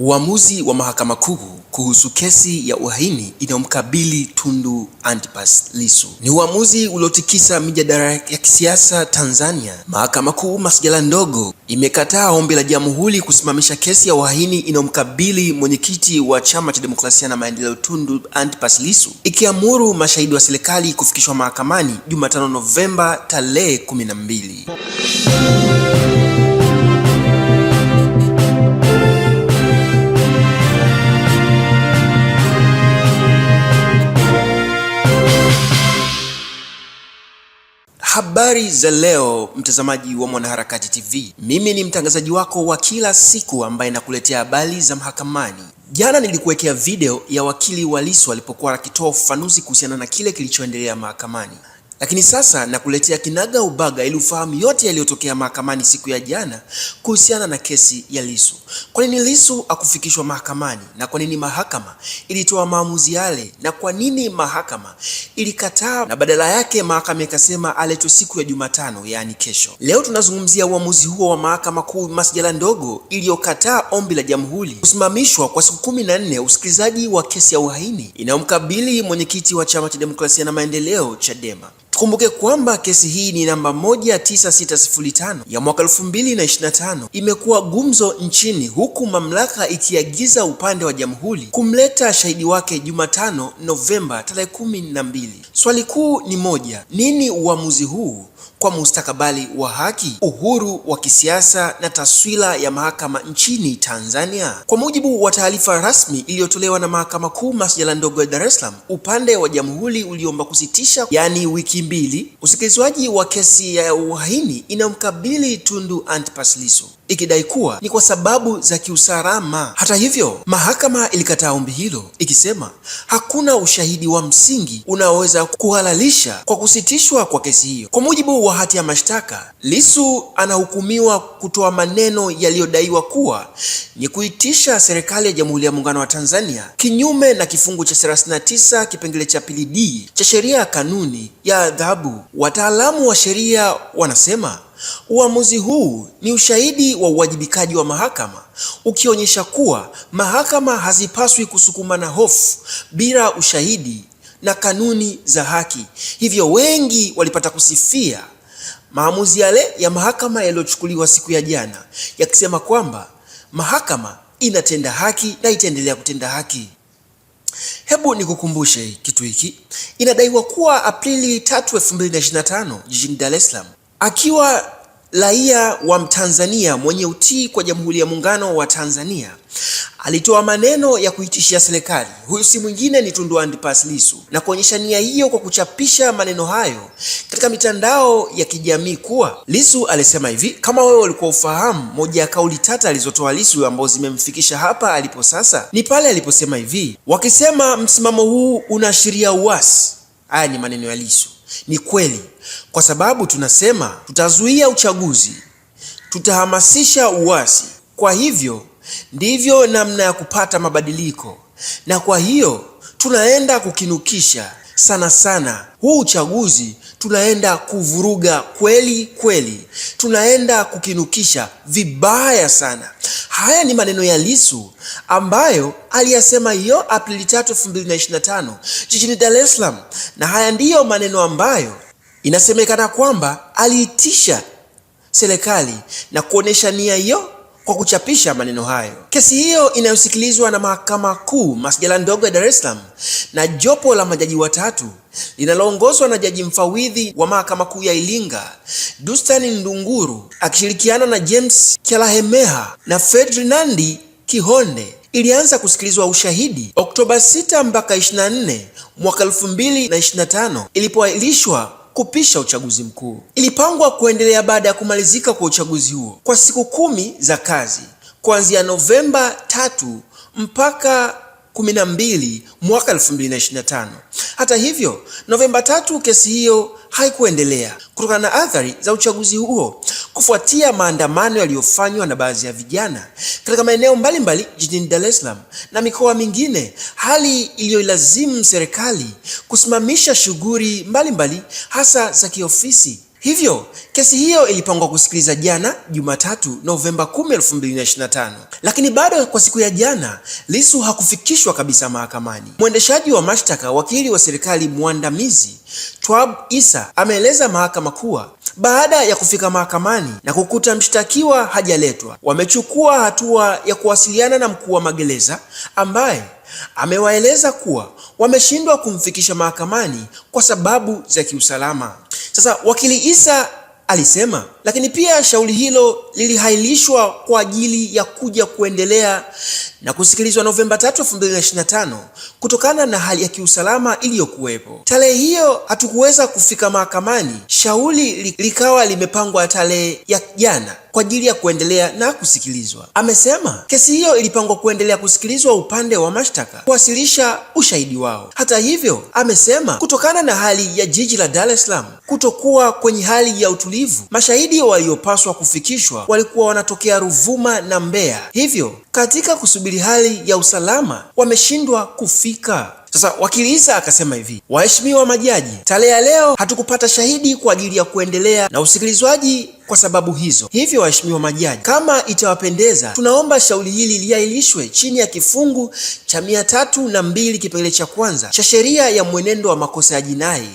Uamuzi wa Mahakama Kuu kuhusu kesi ya uhaini inayomkabili Tundu Antipas Lissu ni uamuzi uliotikisa mijadala ya kisiasa Tanzania. Mahakama Kuu masjala ndogo imekataa ombi la jamhuri kusimamisha kesi ya uhaini inayomkabili mwenyekiti wa Chama cha Demokrasia na Maendeleo Tundu Antipas Lissu, ikiamuru mashahidi wa serikali kufikishwa mahakamani Jumatano Novemba tarehe 12. Habari za leo, mtazamaji wa Mwanaharakati TV. Mimi ni mtangazaji wako wa kila siku ambaye nakuletea habari za mahakamani. Jana nilikuwekea video ya wakili wa Lissu alipokuwa akitoa ufafanuzi kuhusiana na kile kilichoendelea mahakamani. Lakini sasa nakuletea kinaga ubaga ili ufahamu yote yaliyotokea mahakamani siku ya jana kuhusiana na kesi ya Lissu. Kwa nini Lissu akufikishwa mahakamani na kwa nini mahakama ilitoa maamuzi yale na kwa nini mahakama ilikataa na badala yake mahakama ikasema aletwe siku ya Jumatano, yaani kesho. Leo tunazungumzia uamuzi huo wa mahakama kuu masjala ndogo iliyokataa ombi la jamhuri kusimamishwa kwa siku kumi na nne usikilizaji wa kesi ya uhaini inayomkabili mwenyekiti wa Chama cha Demokrasia na Maendeleo, Chadema. Tukumbuke kwamba kesi hii ni namba 19605 ya mwaka 2025 imekuwa gumzo nchini, huku mamlaka ikiagiza upande wa jamhuri kumleta shahidi wake Jumatano Novemba tarehe 12 Swali kuu ni moja, nini uamuzi huu kwa mustakabali wa haki, uhuru wa kisiasa na taswira ya mahakama nchini Tanzania. Kwa mujibu wa taarifa rasmi iliyotolewa na Mahakama Kuu Masjala ndogo ya Dar es Salaam, upande wa jamhuri uliomba kusitisha, yaani wiki mbili, usikilizwaji wa kesi ya uhaini inayomkabili Tundu Antipas Lissu ikidai kuwa ni kwa sababu za kiusalama. Hata hivyo, mahakama ilikataa ombi hilo ikisema hakuna ushahidi wa msingi unaoweza kuhalalisha kwa kusitishwa kwa kesi hiyo. Kwa mujibu wa hati ya mashtaka, Lissu anahukumiwa kutoa maneno yaliyodaiwa kuwa ni kuitisha serikali ya Jamhuri ya Muungano wa Tanzania kinyume na kifungu cha 39 kipengele cha pili D cha sheria ya kanuni ya adhabu. Wataalamu wa sheria wanasema Uamuzi huu ni ushahidi wa uwajibikaji wa mahakama ukionyesha kuwa mahakama hazipaswi kusukuma na hofu bila ushahidi na kanuni za haki. Hivyo wengi walipata kusifia maamuzi yale ya mahakama yaliyochukuliwa siku ya jana, yakisema kwamba mahakama inatenda haki na itaendelea kutenda haki. Hebu nikukumbushe kitu hiki. Inadaiwa kuwa Aprili 3, 2025 jijini Dar es Salaam akiwa raia wa Mtanzania mwenye utii kwa Jamhuri ya Muungano wa Tanzania alitoa maneno ya kuitishia serikali. Huyu si mwingine ni Tundu Antipas Lissu, na kuonyesha nia hiyo kwa kuchapisha maneno hayo katika mitandao ya kijamii kuwa Lissu alisema hivi: kama wewe ulikuwa ufahamu, moja ya kauli tata alizotoa Lissu ambazo zimemfikisha hapa alipo sasa ni pale aliposema hivi, wakisema msimamo huu unaashiria uasi. Haya ni maneno ya Lissu. Ni kweli, kwa sababu tunasema tutazuia uchaguzi, tutahamasisha uasi. Kwa hivyo ndivyo namna ya kupata mabadiliko, na kwa hiyo tunaenda kukinukisha sana sana huu uchaguzi tunaenda kuvuruga kweli kweli, tunaenda kukinukisha vibaya sana. Haya ni maneno ya Lissu ambayo aliyasema hiyo Aprili 3, 2025 jijini Dar es Salaam, na haya ndiyo maneno ambayo inasemekana kwamba aliitisha serikali na kuonesha nia hiyo kwa kuchapisha maneno hayo. Kesi hiyo inayosikilizwa na Mahakama Kuu masjala ndogo ya Dar es Salaam na jopo la majaji watatu linaloongozwa na jaji mfawidhi wa Mahakama Kuu ya Iringa Dustani Ndunguru akishirikiana na James Kyalahemeha na Ferdinandi Kihonde ilianza kusikilizwa ushahidi Oktoba 6 mpaka 24 mwaka 2025 ilipoahirishwa kupisha uchaguzi mkuu. Ilipangwa kuendelea baada ya kumalizika kwa uchaguzi huo kwa siku kumi za kazi kuanzia Novemba tatu mpaka 12 mwaka 2025. Hata hivyo, Novemba tatu kesi hiyo haikuendelea kutokana na athari za uchaguzi huo kufuatia maandamano yaliyofanywa na baadhi ya vijana katika maeneo mbalimbali jijini Dar es Salaam na mikoa mingine, hali iliyoilazimu serikali kusimamisha shughuli mbalimbali hasa za kiofisi. Hivyo kesi hiyo ilipangwa kusikiliza jana Jumatatu Novemba 10, 2025, lakini bado kwa siku ya jana Lissu hakufikishwa kabisa mahakamani. Mwendeshaji wa mashtaka wakili wa serikali mwandamizi Twab Isa ameeleza mahakama kuwa baada ya kufika mahakamani na kukuta mshtakiwa hajaletwa, wamechukua hatua ya kuwasiliana na mkuu wa magereza ambaye amewaeleza kuwa wameshindwa kumfikisha mahakamani kwa sababu za kiusalama. Sasa wakili Isa alisema lakini pia shauri hilo lilihailishwa kwa ajili ya kuja kuendelea na kusikilizwa Novemba 3, 2025 kutokana na hali ya kiusalama iliyokuwepo. Tarehe hiyo hatukuweza kufika mahakamani, shauri likawa limepangwa tarehe ya jana kwa ajili ya kuendelea na kusikilizwa. Amesema kesi hiyo ilipangwa kuendelea kusikilizwa upande wa mashtaka kuwasilisha ushahidi wao. Hata hivyo, amesema kutokana na hali ya jiji la Dar es Salaam kutokuwa kwenye hali ya utulivu, mashahidi ndio waliopaswa kufikishwa walikuwa wanatokea Ruvuma na Mbeya, hivyo katika kusubiri hali ya usalama wameshindwa kufika. Sasa wakili Isa akasema hivi, waheshimiwa majaji, tarehe ya leo hatukupata shahidi kwa ajili ya kuendelea na usikilizwaji kwa sababu hizo. Hivyo waheshimiwa majaji, kama itawapendeza, tunaomba shauri hili liahirishwe chini ya kifungu cha mia tatu na mbili kipengele cha kwanza cha sheria ya mwenendo wa makosa ya jinai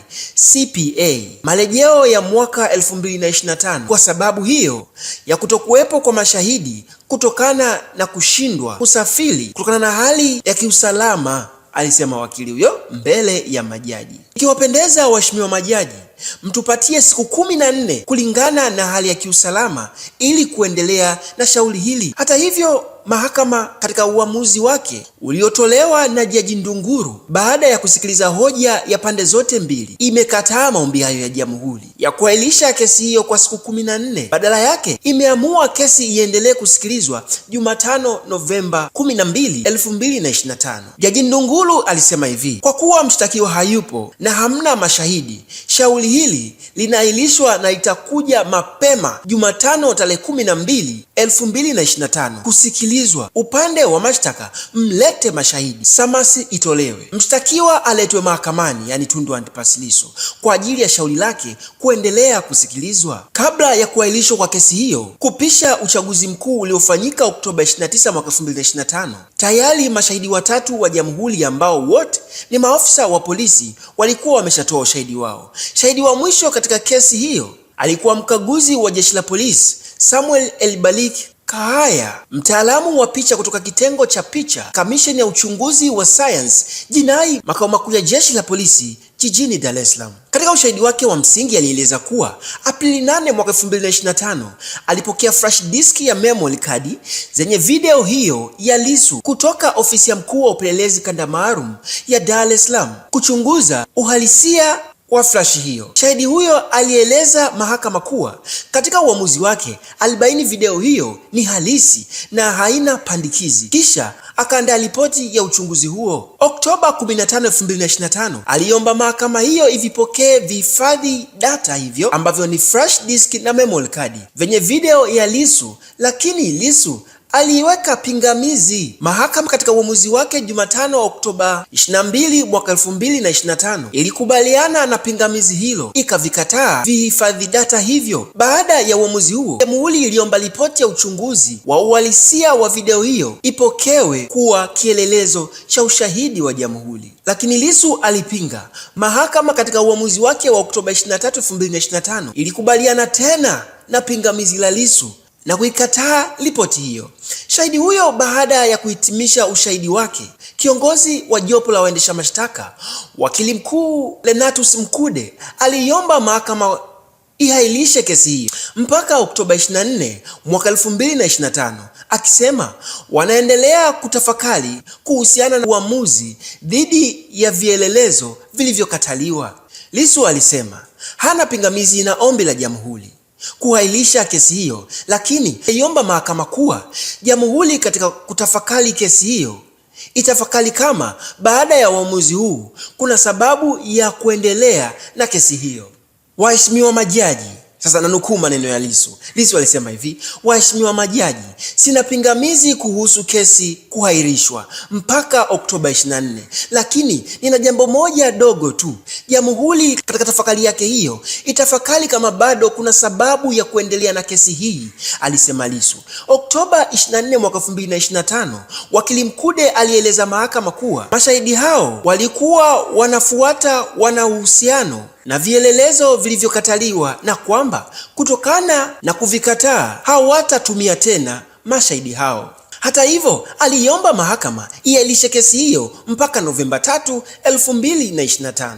CPA marejeo ya mwaka 2025 kwa sababu hiyo ya kutokuwepo kwa mashahidi kutokana na kushindwa kusafiri kutokana na hali ya kiusalama alisema wakili huyo mbele ya majaji. Ikiwapendeza waheshimiwa majaji, mtupatie siku kumi na nne kulingana na hali ya kiusalama ili kuendelea na shauri hili. Hata hivyo mahakama katika uamuzi wake uliotolewa na Jaji Ndunguru baada ya kusikiliza hoja ya pande zote mbili, imekataa maombi hayo ya jamhuri ya kuahirisha kesi hiyo kwa siku kumi na nne. Badala yake imeamua kesi iendelee kusikilizwa Jumatano Novemba 12, 2025. Jaji Ndunguru alisema hivi: kwa kuwa mshtakiwa hayupo na hamna mashahidi, shauri hili linaahirishwa na itakuja mapema Jumatano tarehe 12 2025 kusikilizwa. Upande wa mashtaka mlete mashahidi, samasi itolewe, mshtakiwa aletwe mahakamani, yani Tundu Antipas Lissu kwa ajili ya shauri lake kuendelea kusikilizwa kabla ya kuahirishwa kwa kesi hiyo kupisha uchaguzi mkuu uliofanyika Oktoba 29 mwaka 2025. Tayari mashahidi watatu wa jamhuri ambao wote ni maafisa wa polisi walikuwa wameshatoa ushahidi wao. Shahidi wa mwisho katika kesi hiyo alikuwa mkaguzi wa jeshi la polisi Samuel Elbalik Kahaya, mtaalamu wa picha kutoka kitengo cha picha, kamisheni ya uchunguzi wa sayansi jinai, makao makuu ya jeshi la polisi jijini Dar es Salaam. Katika ushahidi wake wa msingi alieleza kuwa Aprili 8 mwaka 2025 alipokea flash disk ya memory card zenye video hiyo ya Lissu kutoka ofisi ya mkuu wa upelelezi kanda maalum ya Dar es Salaam kuchunguza uhalisia wa flashi hiyo. Shahidi huyo alieleza mahakama kuwa katika uamuzi wake alibaini video hiyo ni halisi na haina pandikizi, kisha akaandaa ripoti ya uchunguzi huo. Oktoba 15, 2025 aliomba mahakama hiyo ivipokee vihifadhi data hivyo ambavyo ni flash disk na memory card vyenye video ya Lissu, lakini Lissu aliiweka pingamizi mahakama katika uamuzi wake Jumatano wa Oktoba 22 mwaka 2025 ilikubaliana na pingamizi hilo ikavikataa vihifadhi data hivyo. Baada ya uamuzi huo, jamhuri iliomba ripoti ya uchunguzi wa uhalisia wa video hiyo ipokewe kuwa kielelezo cha ushahidi wa jamhuri, lakini Lissu alipinga. Mahakama katika uamuzi wake wa Oktoba 23, 2025 ilikubaliana tena na pingamizi la Lissu na kuikataa ripoti hiyo. Shahidi huyo baada ya kuhitimisha ushahidi wake, kiongozi wa jopo la waendesha mashtaka, wakili mkuu Lenatus Mkude, aliiomba mahakama ihailishe kesi hiyo mpaka Oktoba 24 mwaka 2025, akisema wanaendelea kutafakari kuhusiana na uamuzi dhidi ya vielelezo vilivyokataliwa. Lissu alisema hana pingamizi na ombi la jamhuri kuahirisha kesi hiyo, lakini iomba mahakama kuwa jamhuri katika kutafakari kesi hiyo itafakari kama baada ya uamuzi huu kuna sababu ya kuendelea na kesi hiyo. Waheshimiwa majaji, sasa nanukuu maneno ya Lissu. Lissu alisema hivi: waheshimiwa majaji, sina pingamizi kuhusu kesi kuahirishwa mpaka Oktoba 24. Lakini nina jambo moja dogo tu. Jamhuri katika tafakari yake hiyo itafakari kama bado kuna sababu ya kuendelea na kesi hii, alisema Lissu. Oktoba 24 mwaka 2025, wakili Mkude alieleza mahakama kuwa mashahidi hao walikuwa wanafuata wana uhusiano na vielelezo vilivyokataliwa na kwamba kutokana na kuvikataa hawatatumia tena mashahidi hao. Hata hivyo, aliiomba mahakama iailishe kesi hiyo mpaka Novemba 3, 2025.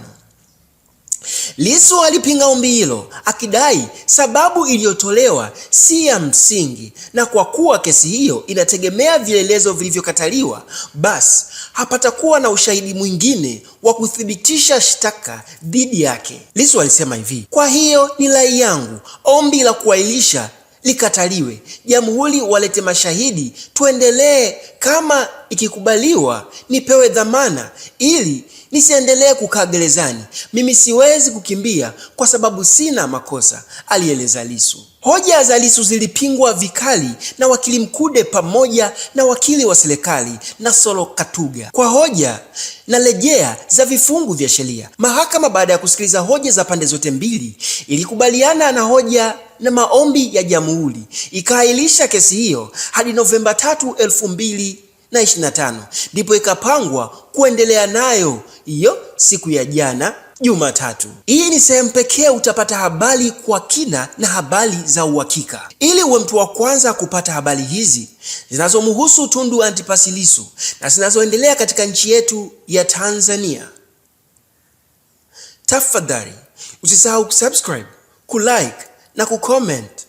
Lissu alipinga ombi hilo akidai sababu iliyotolewa si ya msingi, na kwa kuwa kesi hiyo inategemea vielelezo vilivyokataliwa, basi hapatakuwa na ushahidi mwingine wa kuthibitisha shtaka dhidi yake. Lissu alisema hivi: kwa hiyo ni rai yangu ombi la kuailisha likataliwe, jamhuri walete mashahidi, tuendelee kama ikikubaliwa nipewe dhamana ili nisiendelee kukaa gerezani. Mimi siwezi kukimbia kwa sababu sina makosa, alieleza Lissu. Hoja za Lissu zilipingwa vikali na wakili Mkude pamoja na wakili wa serikali Nasolo Katuga kwa hoja na rejea za vifungu vya sheria. Mahakama baada ya kusikiliza hoja za pande zote mbili ilikubaliana na hoja na maombi ya jamhuri, ikaahirisha kesi hiyo hadi Novemba 3, 2000 na tano ndipo ikapangwa kuendelea nayo hiyo siku ya jana Jumatatu. Hii ni sehemu pekee utapata habari kwa kina na habari za uhakika. Ili uwe mtu wa kwanza kupata habari hizi zinazomhusu Tundu Antipas Lissu na zinazoendelea katika nchi yetu ya Tanzania, tafadhali usisahau kusubscribe, kulike na kucomment.